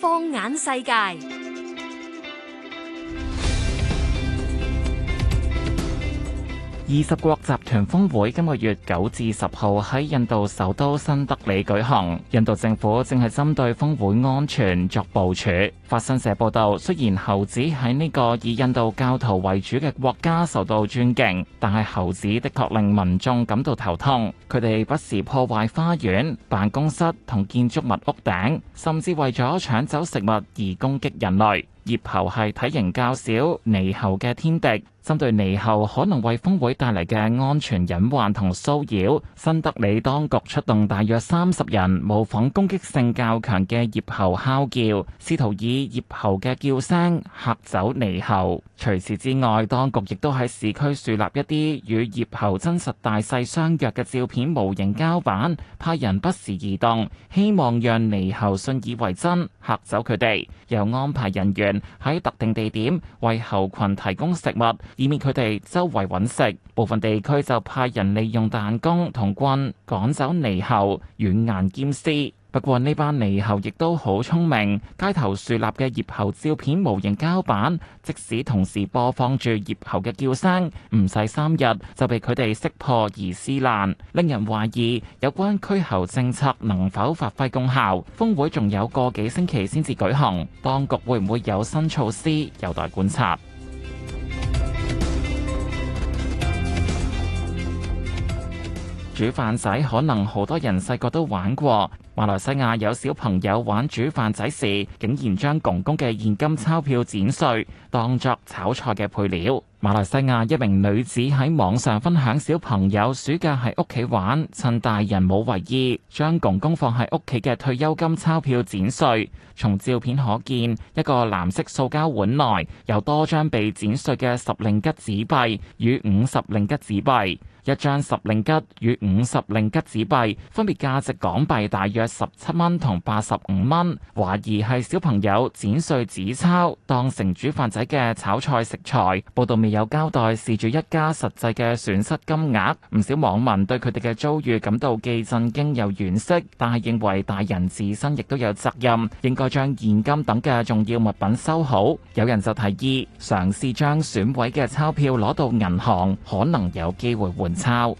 放眼世界。二十國集團峰會今個月九至十號喺印度首都新德里舉行，印度政府正係針對峰會安全作部署。法新社報道，雖然猴子喺呢個以印度教徒為主嘅國家受到尊敬，但係猴子的確令民眾感到頭痛。佢哋不時破壞花園、辦公室同建築物屋頂，甚至為咗搶走食物而攻擊人類。葉猴係體型較小、獼猴嘅天敵。針對獼猴可能為峯會帶嚟嘅安全隱患同騷擾，新德里當局出動大約三十人模仿攻擊性較強嘅葉猴哮叫，試圖以葉猴嘅叫聲嚇走獼猴。除此之外，當局亦都喺市區樹立一啲與葉猴真實大細相若嘅照片模型膠板，派人不時移動，希望讓獼猴信以為真，嚇走佢哋。又安排人員喺特定地點為猴群提供食物。以免佢哋周圍揾食，部分地區就派人利用彈弓同棍趕走獼猴，軟硬兼施。不過呢班獼猴亦都好聰明，街頭樹立嘅葉猴照片模型膠板，即使同時播放住葉猴嘅叫聲，唔使三日就被佢哋識破而撕爛，令人懷疑有關驅猴政策能否發揮功效。峰會仲有個幾星期先至舉行，當局會唔會有新措施，有待觀察。煮飯仔可能好多人細個都玩過。馬來西亞有小朋友玩煮飯仔時，竟然將公公嘅現金鈔票剪碎，當作炒菜嘅配料。馬來西亞一名女子喺網上分享小朋友暑假喺屋企玩，趁大人冇為意，將公公放喺屋企嘅退休金鈔票剪碎。從照片可見，一個藍色塑膠碗內有多張被剪碎嘅十令吉紙幣與五十令吉紙幣。一張十令吉與五十令吉紙幣分別價值港幣大約，約十七蚊同八十五蚊，懷疑係小朋友剪碎紙鈔當成煮飯仔嘅炒菜食材。報道未有交代事主一家實際嘅損失金額。唔少網民對佢哋嘅遭遇感到既震驚又惋惜，但係認為大人自身亦都有責任，應該將現金等嘅重要物品收好。有人就提議嘗試將損毀嘅鈔票攞到銀行，可能有機會換鈔。